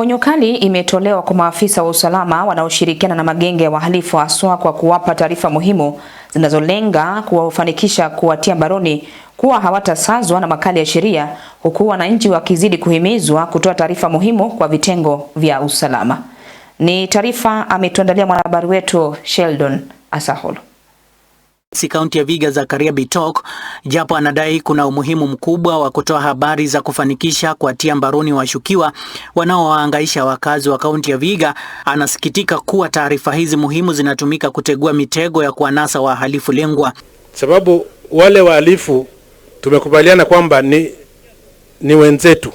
Onyo kali imetolewa kwa maafisa wa usalama wanaoshirikiana na magenge ya wahalifu haswa kwa kuwapa taarifa muhimu zinazolenga kuwafanikisha kuwatia mbaroni kuwa hawatasazwa na makali ya sheria, huku wananchi wakizidi kuhimizwa kutoa taarifa muhimu kwa vitengo vya usalama. Ni taarifa ametuandalia mwanahabari wetu Sheldon Asaholo. Si kaunti ya Vihiga Zakaria Bitok, japo anadai kuna umuhimu mkubwa wa kutoa habari za kufanikisha kuwatia mbaroni washukiwa wanaowahangaisha wakazi wa kaunti ya Vihiga, anasikitika kuwa taarifa hizi muhimu zinatumika kutegua mitego ya kuwanasa wahalifu lengwa. Sababu wale wahalifu tumekubaliana kwamba ni, ni wenzetu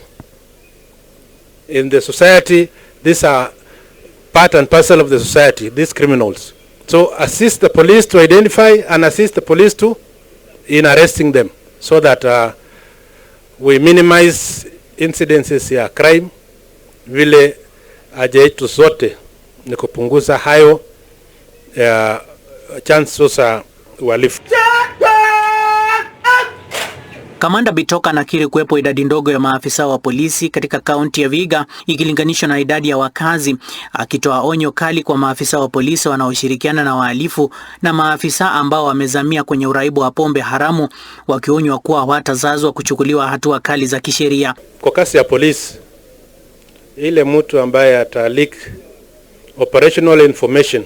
in the society, these are part and parcel of the society, these criminals So assist the police to identify and assist the police to in arresting them so that uh, we minimize incidences ya crime. Vile haja yetu zote ni kupunguza hayo ya chances za uhalifu. Kamanda Bitoka anakiri kuwepo idadi ndogo ya maafisa wa polisi katika kaunti ya Vihiga ikilinganishwa na idadi ya wakazi, akitoa onyo kali kwa maafisa wa polisi wanaoshirikiana na wahalifu na maafisa ambao wamezamia kwenye uraibu wa pombe haramu, wakionywa kuwa watazazwa kuchukuliwa hatua kali za kisheria. Kwa kasi ya polisi, ile mtu ambaye atalik operational information,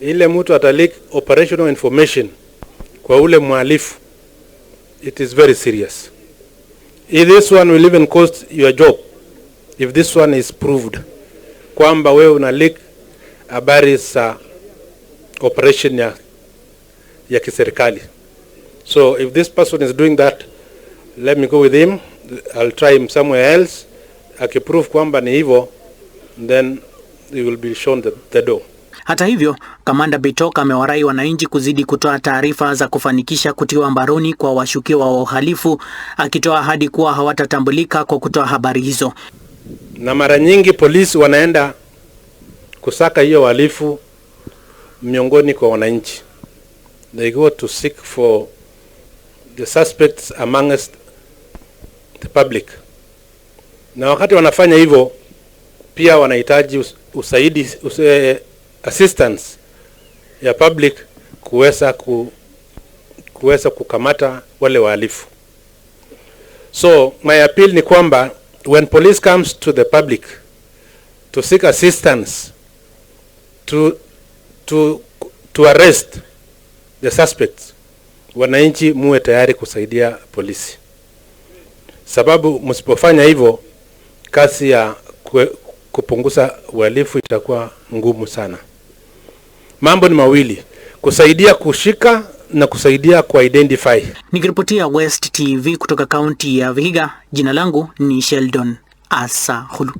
ile mtu atalik operational information kwa ule mhalifu it is very serious. If this one will even cost your job if this one is proved kwamba wewe una leak habari za operation ya, ya kiserikali. So if this person is doing that, let me go with him. I'll try him somewhere else. Akiprove kwamba ni hivyo, then he will be shown the, the door. Hata hivyo, Kamanda Bitoka amewarai wananchi kuzidi kutoa taarifa za kufanikisha kutiwa mbaroni kwa washukiwa wa uhalifu, akitoa ahadi kuwa hawatatambulika kwa kutoa habari hizo. Na mara nyingi polisi wanaenda kusaka hiyo uhalifu miongoni kwa wananchi. They go to seek for the suspects amongst the public. Na wakati wanafanya hivyo pia wanahitaji usaidizi assistance ya public kuweza ku, kuweza kukamata wale wahalifu. So my appeal ni kwamba when police comes to the public to seek assistance to, to, to arrest the suspects, wananchi muwe tayari kusaidia polisi, sababu msipofanya hivyo kasi ya kwe, kupunguza uhalifu itakuwa ngumu sana. Mambo ni mawili, kusaidia kushika na kusaidia kuidentify. Nikiripotia West TV kutoka kaunti ya Vihiga, jina langu ni Sheldon Asahulu.